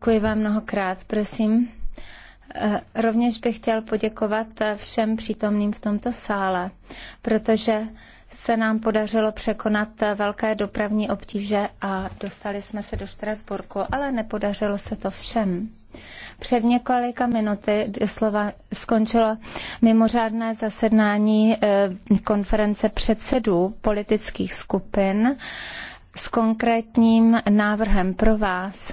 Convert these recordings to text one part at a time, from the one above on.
Děkuji vám mnohokrát, prosím. Eh, rovněž bych chtěl poděkovat eh, všem přítomným v tomto sále, protože se nám podařilo překonat eh, velké dopravní obtíže a dostali jsme se do Štrasburku, ale nepodařilo se to všem. Před několika minuty slova skončilo mimořádné zasedání konference předsedů politických skupin s konkrétním návrhem pro vás.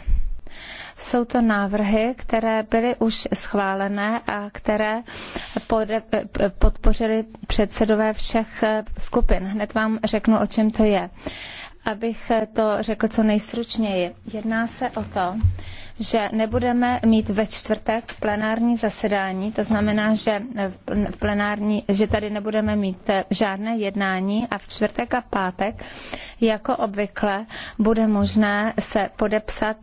Jsou to návrhy, které byly už schválené a které podpořili předsedové všech skupin. Hned vám řeknu, o čem to je. Abych to řekl co nejstručněji. Jedná se o to, že nebudeme mít ve čtvrtek plenární zasedání, to znamená, že, plenární, že tady nebudeme mít žádné jednání a v čtvrtek a pátek, jako obvykle, bude možné se podepsat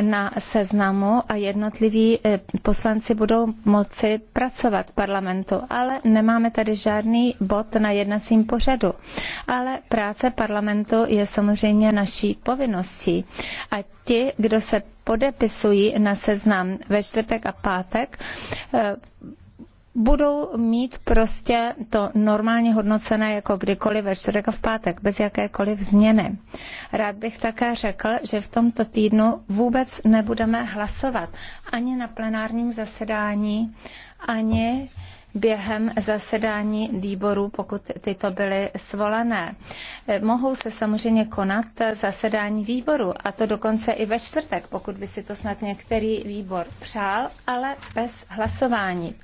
na seznamu a jednotliví eh, poslanci budou moci pracovat parlamentu, ale nemáme tady žádný bod na jednacím pořadu. Ale práce parlamentu je samozřejmě naší povinností. A ti, kdo se podepisují na seznam ve čtvrtek a pátek, eh, budou mít prostě to normálně hodnocené jako kdykoliv ve čtvrtek a v pátek, bez jakékoliv změny. Rád bych také řekl, že v tomto týdnu vůbec nebudeme hlasovat ani na plenárním zasedání, ani během zasedání výboru, pokud tyto byly svolané. Mohou se samozřejmě konat zasedání výboru, a to dokonce i ve čtvrtek, pokud by si to snad některý výbor přál, ale bez hlasování.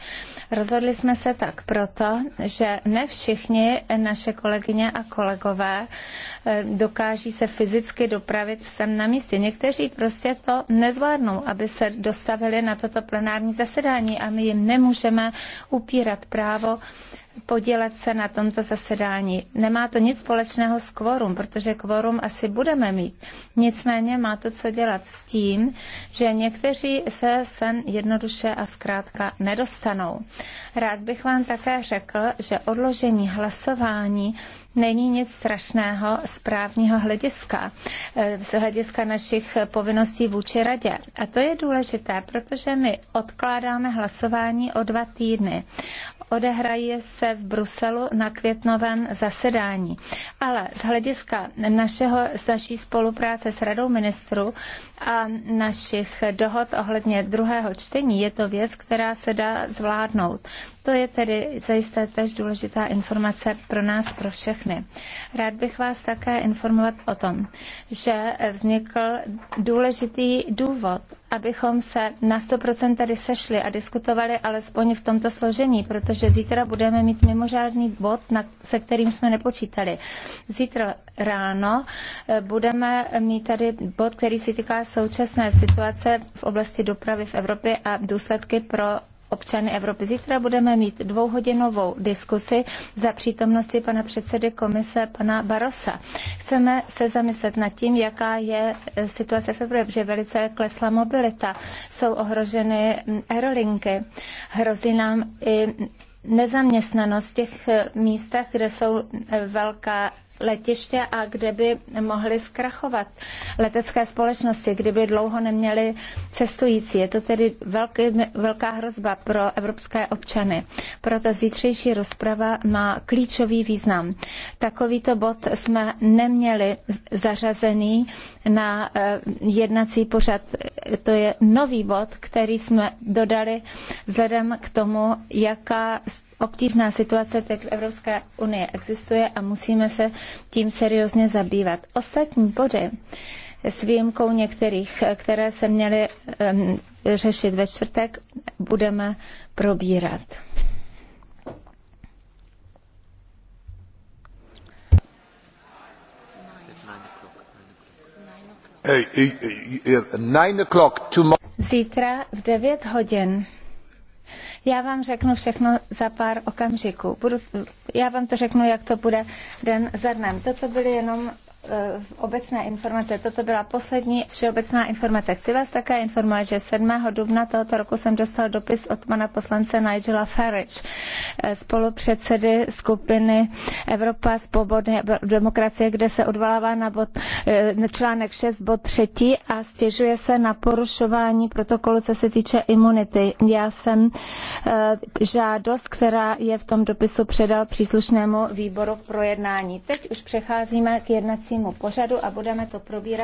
Rozhodli jsme se tak proto, že ne všichni naše kolegyně a kolegové eh, dokáží se fyzicky dopravit sem na místě. Někteří prostě to nezvládnou, aby se dostavili na toto plenární zasedání a my jim nemůžeme upírat popírat právo podílet se na tomto zasedání. Nemá to nic společného s kvorum, protože kvorum asi budeme mít. Nicméně má to co dělat s tím, že někteří se sem jednoduše a zkrátka nedostanou. Rád bych vám také řekl, že odložení hlasování není nic strašného z právního hlediska, eh, z hlediska našich povinností vůči radě. A to je důležité, protože my odkládáme hlasování o dva týdny. Odehraje se se v Bruselu na květnovém zasedání. Ale z hlediska našeho, naší spolupráce s Radou ministrů a našich dohod ohledně druhého čtení je to věc, která se dá zvládnout. To je tedy zajisté tež důležitá informace pro nás, pro všechny. Rád bych vás také informovat o tom, že vznikl důležitý důvod, abychom se na 100% tady sešli a diskutovali alespoň v tomto složení, protože zítra budeme mít mít mimořádný bod, se kterým jsme nepočítali. Zítra ráno eh, budeme mít tady bod, který se týká současné situace v oblasti dopravy v Evropě a důsledky pro občany Evropy. Zítra budeme mít dvouhodinovou diskusi za přítomnosti pana předsedy komise, pana Barosa. Chceme se zamyslet nad tím, jaká je eh, situace v Evropě, že velice klesla mobilita, jsou ohroženy mm, aerolinky, hrozí nám i nezaměstnanost v těch eh, místech, kde jsou eh, velká letiště a kde by mohly zkrachovat letecké společnosti, kdyby dlouho neměly cestující. Je to tedy velký, velká hrozba pro evropské občany. Proto zítřejší rozprava má klíčový význam. Takovýto bod jsme neměli zařazený na eh, jednací pořad. To je nový bod, který jsme dodali vzhledem k tomu, jaká obtížná situace teď v Evropské unii existuje a musíme se tím seriózně zabývat. Ostatní body s výjimkou některých, které se měly um, řešit ve čtvrtek, budeme probírat. Zítra v 9 hodin. Já vám řeknu všechno za pár okamžiků. Budu, já vám to řeknu, jak to bude den za dnem. Toto byly jenom Eh, obecné informace. Toto byla poslední všeobecná informace. Chci vás také informovat, že 7. dubna tohoto roku jsem dostal dopis od pana poslance Nigela Farage, eh, spolupředsedy skupiny Evropa svobody demokracie, kde se odvolává na bod, eh, článek 6 bod 3 a stěžuje se na porušování protokolu, co se týče imunity. Já jsem žádost, která je v tom dopisu předal příslušnému výboru k projednání. Teď už přecházíme k jednací jednacímu pořadu a budeme to probírat